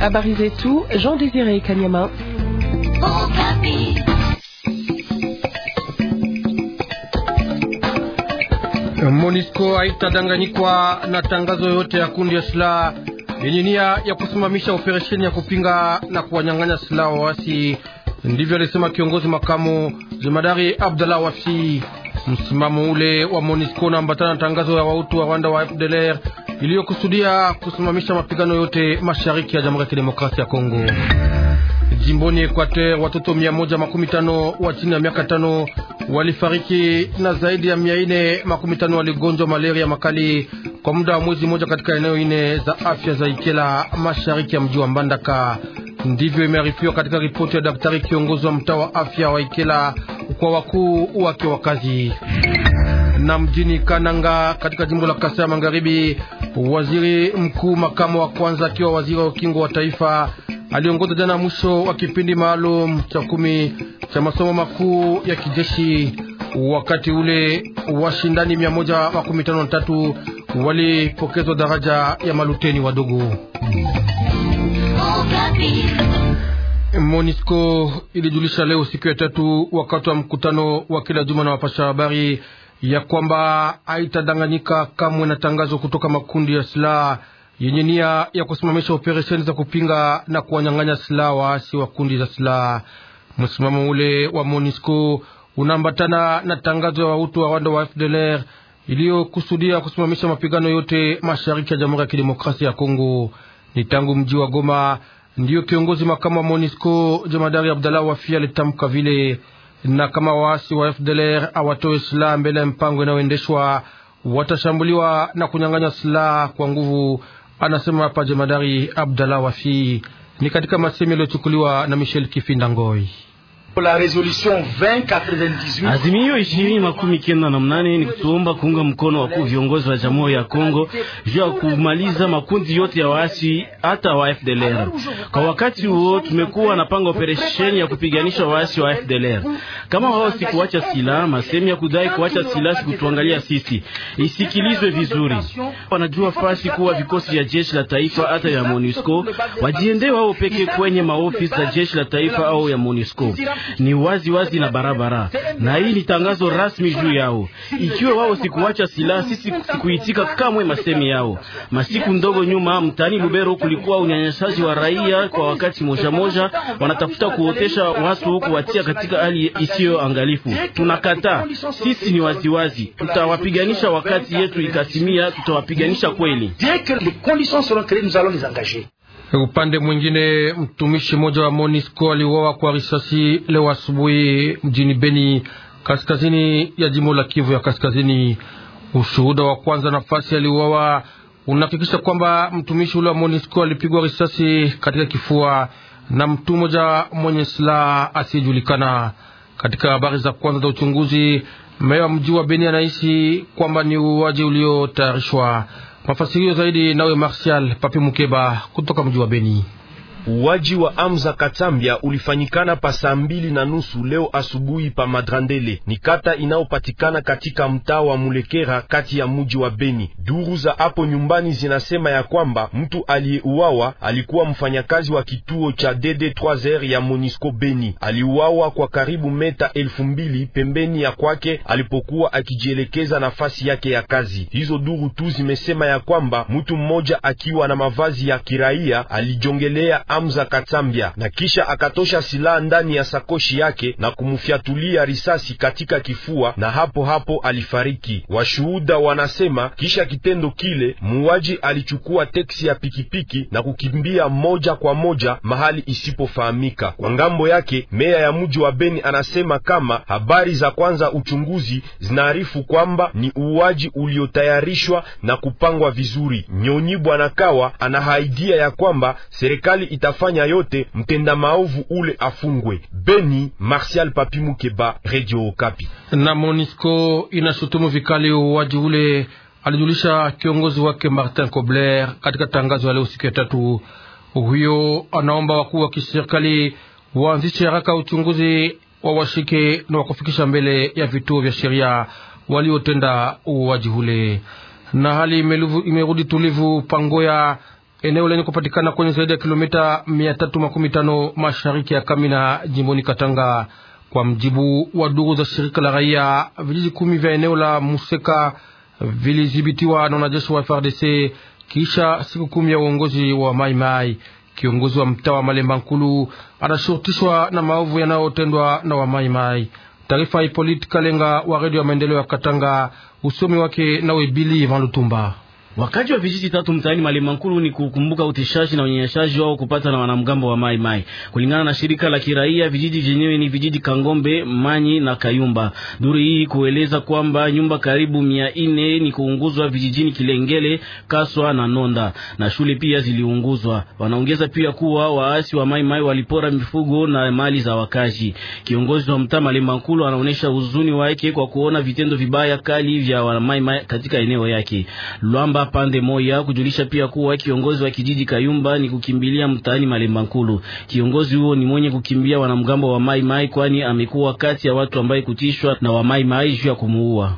Habari tout, Jean Désiré Kanyama. Monisco haitadanganyikwa na tangazo yote ya kundi ya silaha yenye nia ya kusimamisha operesheni ya kupinga na kuwanyang'anya silaha waasi. Ndivyo alisema kiongozi makamu jemadari Abdallah Wafi. Msimamo ule wa Monisco unaambatana na tangazo ya wautu wa Rwanda wa FDLR iliyokusudia kusimamisha mapigano yote mashariki ya Jamhuri ya Kidemokrasia ya Kongo. Jimboni Ekwater, watoto 115 wa chini ya miaka tano walifariki na zaidi ya 415 waligonjwa malaria makali kwa muda wa mwezi mmoja katika eneo ine za afya za Ikela mashariki ya mji wa Mbandaka. Ndivyo imearifiwa katika ripoti ya daktari kiongozi wa mtaa wa afya wa Ikela kwa wakuu wake wa kazi. Na mjini Kananga katika jimbo la Kasai Magharibi, Waziri mkuu makamu wa kwanza akiwa waziri wa ukingo wa taifa aliongoza jana mwisho wa kipindi maalum cha kumi cha masomo makuu ya kijeshi. Wakati ule washindani 153 walipokezwa daraja ya maluteni wadogo. Monisco ilijulisha leo siku ya tatu, wakati wa mkutano wa kila juma na wapasha habari ya kwamba haitadanganyika kamwe na tangazo kutoka makundi ya silaha yenye nia ya kusimamisha operesheni za kupinga na kuwanyang'anya silaha waasi wa kundi za silaha. Msimamo ule wa MONUSCO unaambatana na tangazo ya wahutu wa Rwanda wa FDLR iliyokusudia kusimamisha mapigano yote mashariki ya Jamhuri ya Kidemokrasia ya Kongo. Ni tangu mji wa Goma ndiyo kiongozi makamu wa MONUSCO jemadari Abdallah Wafia alitamka vile na kama waasi wa FDLR awatoe silaha mbele ya mpango inayoendeshwa watashambuliwa na kunyang'anywa silaha kwa nguvu, anasema hapa jemadari Abdallah Wafi. Ni katika masemi yaliyochukuliwa na Michel Kifindangoi. Azimio ishirini makumi kenda na mnane ni kutuomba kuunga mkono wakuu viongozi wa Jamhuri ya Kongo juu ya kumaliza makundi yote ya waasi hata wa FDLR. Kwa wakati huo tumekuwa na panga operesheni ya kupiganisha waasi wa FDLR. Kama wao si kuacha silaha, masemi ya kudai kuacha silaha si kutuangalia sisi, isikilizwe vizuri. Wanajua fasi kuwa vikosi vya jeshi la taifa hata ya MONUSCO wajiende wao pekee kwenye maofisi za jeshi la taifa au ya MONUSCO ni wazi wazi na barabara, na hii ni tangazo rasmi juu yao. Ikiwa wao sikuacha silaha, sisi sikuitika kamwe masemi yao. Masiku ndogo nyuma, mtani Lubero kulikuwa unyanyasaji wa raia kwa wakati moja moja, wanatafuta kuotesha watu huku watia katika hali isiyo angalifu. Tunakataa, sisi ni waziwazi, tutawapiganisha wakati yetu ikatimia, tutawapiganisha kweli. E upande mwingine, mtumishi mmoja wa Monisco aliuawa kwa risasi leo asubuhi mjini Beni, kaskazini ya jimbo la Kivu ya Kaskazini. Ushuhuda wa kwanza nafasi aliuawa unahakikisha kwamba mtumishi ule wa Monisco alipigwa risasi katika kifua na mtu mmoja mwenye silaha asiyejulikana. Katika habari za kwanza za uchunguzi, meya wa mji wa Beni anahisi kwamba ni uuaji uliotayarishwa. Mafasirio zaidi nawe Martial Papi Mukeba kutoka mji wa Beni. Uwaji wa Amza Katambia ulifanyikana pa saa mbili na nusu leo asubuhi pa Madrandele, ni kata inayopatikana katika mtaa wa Mulekera kati ya muji wa Beni. Duru za hapo nyumbani zinasema ya kwamba mtu aliyeuawa alikuwa mfanyakazi wa kituo cha DD3R ya Monisco Beni. Aliuawa kwa karibu meta elfu mbili pembeni ya kwake alipokuwa akijielekeza nafasi yake ya kazi. Hizo duru tu zimesema ya kwamba mtu mmoja akiwa na mavazi ya kiraia alijongelea Amza Katambia, na kisha akatosha silaha ndani ya sakoshi yake na kumfyatulia risasi katika kifua, na hapo hapo alifariki. Washuhuda wanasema kisha kitendo kile, muuaji alichukua teksi ya pikipiki na kukimbia moja kwa moja mahali isipofahamika. Kwa ngambo yake, meya ya mji wa Beni anasema kama habari za kwanza uchunguzi zinaarifu kwamba ni uuaji uliotayarishwa na kupangwa vizuri. Nyonyi Bwana Kawa anahaidia ya kwamba serikali itafanya yote mtenda maovu ule afungwe. Beni, Martial Papi Mukeba, Radio Okapi. Na Monisco inashutumu vikali uwaji ule, alijulisha kiongozi wake Martin Kobler katika tangazo ya leo siku ya tatu. Huyo anaomba wakuu wa kiserikali waanzishe haraka uchunguzi wa washike na wakufikisha mbele ya vituo vya sheria waliotenda uuaji ule. Na hali imerudi tulivu Pangoya eneo lenye kupatikana kwenye zaidi ya kilomita tano mashariki ya Kamina jimboni Katanga. Kwa mjibu wa duru za shirika la raia, vijiji kumi vya eneo la Museka vilidhibitiwa na wanajeshi wa FRDC kisha siku kumi ya uongozi wa Mai. Kiongozi wa mtaa wa Malemba Nkulu anashurutishwa na maovu yanayotendwa na Wamaimai. Taarifa ya Ipolite Kalenga wa redio ya maendeleo ya Katanga, usomi wake nawe Bili Van Lutumba. Wakati wa vijiji tatu mtaani Malimankulu ni kukumbuka utishaji na unyanyashaji wao kupata na wanamgambo wa Mai Mai. Kulingana na shirika la kiraia, vijiji vyenyewe ni vijiji Kangombe, Manyi na Kayumba. Duri hii kueleza kwamba nyumba karibu mia ine ni kuunguzwa vijijini Kilengele, Kaswa na Nonda, na shule pia ziliunguzwa. Wanaongeza pia kuwa waasi wa Mai Mai walipora mifugo na mali za wakaji. Kiongozi wa mtaa Malimankulu anaonyesha huzuni wake kwa kuona vitendo vibaya kali vya wa Mai Mai katika eneo yake Luamba pande moja, kujulisha pia kuwa kiongozi wa kijiji Kayumba ni kukimbilia mtaani Malemba Nkulu. Kiongozi huo ni mwenye kukimbia wanamgambo wa Mai Mai, kwani amekuwa kati ya watu ambaye kutishwa na wa Mai Mai juu ya kumuua.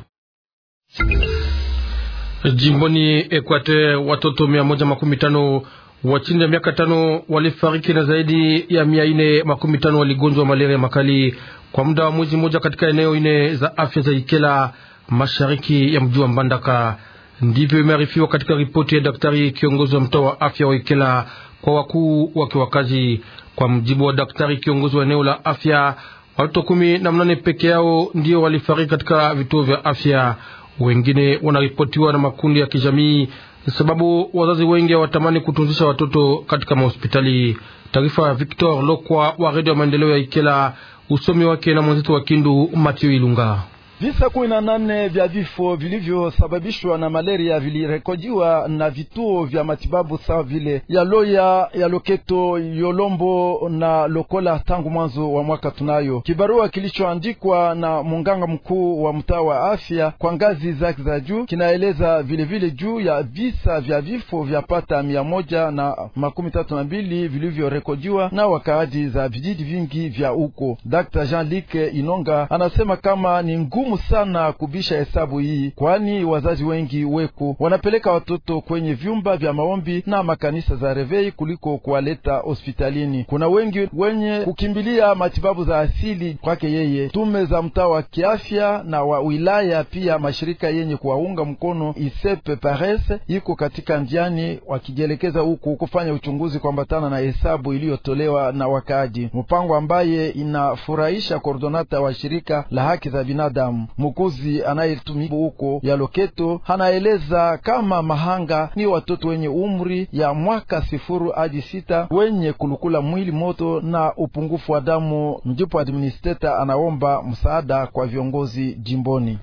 Jimboni Ekwate, watoto mia moja makumi tano wa chini ya miaka tano walifariki na zaidi ya mia nne makumi tano waligonjwa malaria makali kwa muda wa mwezi mmoja katika eneo ine za afya za Ikela mashariki ya mji wa Mbandaka. Ndivyo imearifiwa katika ripoti ya daktari kiongozi wa mtaa wa afya wa Ikela kwa wakuu wa kiwakazi. Kwa mjibu wa daktari kiongozi wa eneo la afya, watoto kumi na mnane peke yao ndio walifariki katika vituo vya afya, wengine wanaripotiwa na makundi ya kijamii, sababu wazazi wengi hawatamani kutunzisha watoto katika mahospitali. Taarifa ya Victor Lokwa wa redio ya maendeleo ya Ikela, usomi wake na mwenzetu wa Kindu Matiu Ilunga. Visa kumi na nane vya vifo vilivyosababishwa na malaria vilirekodiwa na vituo vya matibabu sawa vile ya Loya, ya Loketo, Yolombo na Lokola tangu mwanzo wa mwaka. Tunayo kibarua kilichoandikwa na munganga mkuu wa mtaa wa afya kwa ngazi zake za juu, kinaeleza vilevile juu ya visa vya vifo vya pata mia moja na makumi tatu na mbili vilivyorekodiwa na wakaaji za vijiji vingi vya uko. Dr Jean Luc Inonga anasema kama ni ngu ngumu sana kubisha hesabu hii, kwani wazazi wengi weko wanapeleka watoto kwenye vyumba vya maombi na makanisa za revei kuliko kuwaleta hospitalini. Kuna wengi wenye kukimbilia matibabu za asili kwake yeye. Tume za mtaa wa kiafya na wa wilaya pia mashirika yenye kuwaunga mkono isepe parese iko katika njiani, wakijielekeza huku kufanya uchunguzi kuambatana na hesabu iliyotolewa na wakaaji, mpango ambaye inafurahisha koordonata wa shirika la haki za binadamu mukuzi anayetumibu huko ya Loketo hanaeleza kama mahanga ni watoto wenye umri ya mwaka sifuru hadi sita wenye kulukula mwili moto na upungufu wa damu. Ndipo administrator anaomba msaada kwa viongozi jimboni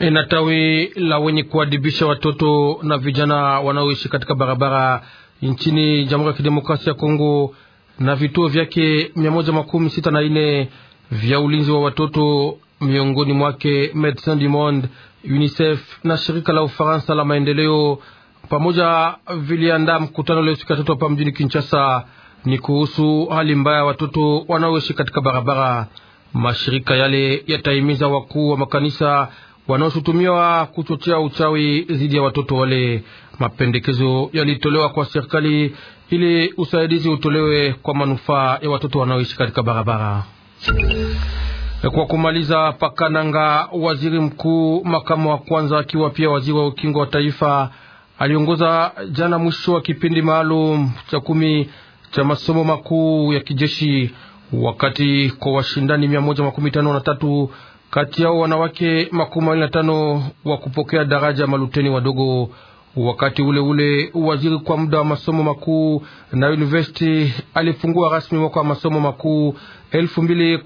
na tawi la wenye kuadibisha watoto na vijana wanaoishi katika barabara nchini Jamhuri ya Kidemokrasia ya Kongo na vituo vyake mia moja makumi sita na nne vya ulinzi wa watoto miongoni mwake Medecin du Monde, UNICEF na shirika la Ufaransa la maendeleo pamoja viliandaa mkutano leo siku ya tatu hapa mjini Kinshasa. Ni kuhusu hali mbaya ya watoto wanaoishi katika barabara. Mashirika yale yatahimiza wakuu wa makanisa wanaoshutumiwa kuchochea uchawi dhidi ya watoto wale. Mapendekezo yalitolewa kwa serikali ili usaidizi utolewe kwa manufaa ya watoto wanaoishi katika barabara. Kwa kumaliza, Pakananga, waziri mkuu makamu wa kwanza akiwa pia waziri wa ukingo wa taifa, aliongoza jana mwisho wa kipindi maalum cha kumi cha masomo makuu ya kijeshi, wakati kwa washindani mia moja makumi tano na tatu kati yao wanawake makumi mawili na tano wa kupokea daraja maluteni wadogo. Wakati ule ule waziri kwa muda wa masomo makuu na university alifungua rasmi mwaka wa masomo makuu 2013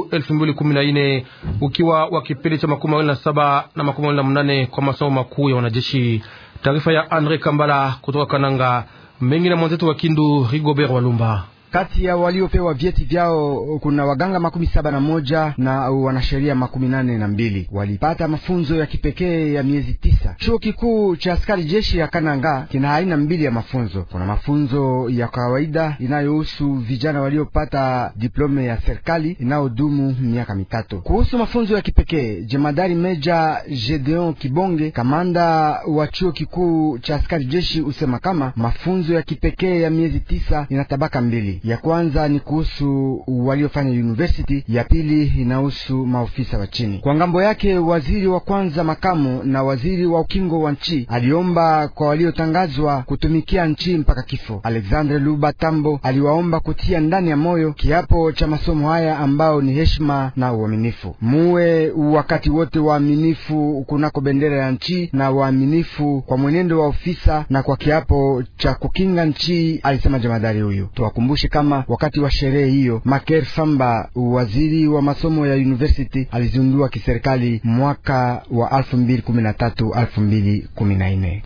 2014 ukiwa wa kipindi cha makumi mawili na saba na makumi mawili na mnane kwa masomo makuu ya wanajeshi. Taarifa ya Andre Kambala kutoka Kananga, mengi na mwenzetu wa Kindu Rigobert Walumba. Kati ya waliopewa vyeti vyao kuna waganga makumi saba na moja na wanasheria makumi nane na mbili walipata mafunzo ya kipekee ya miezi tisa. Chuo kikuu cha askari jeshi ya Kananga kina aina mbili ya mafunzo. Kuna mafunzo ya kawaida inayohusu vijana waliopata diplome ya serikali inayodumu miaka mitatu. Kuhusu mafunzo ya kipekee, jemadari meja Gedeon Kibonge, kamanda wa chuo kikuu cha askari jeshi, usema kama mafunzo ya kipekee ya miezi tisa ina tabaka mbili ya kwanza ni kuhusu waliofanya university, ya pili inahusu maofisa wa chini. Kwa ngambo yake, waziri wa kwanza makamu na waziri wa ukingo wa nchi aliomba kwa waliotangazwa kutumikia nchi mpaka kifo. Alexandre Luba Tambo aliwaomba kutia ndani ya moyo kiapo cha masomo haya ambao ni heshima na uaminifu. Muwe wakati wote waaminifu kunako bendera ya nchi na waaminifu kwa mwenendo wa ofisa na kwa kiapo cha kukinga nchi, alisema jamadari huyu. Tuwakumbushe kama wakati wa sherehe hiyo, Maker Famba, waziri wa masomo ya university, alizindua kiserikali mwaka wa 2013 2014.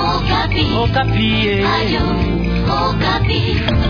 Okapi. Okapi. Eh.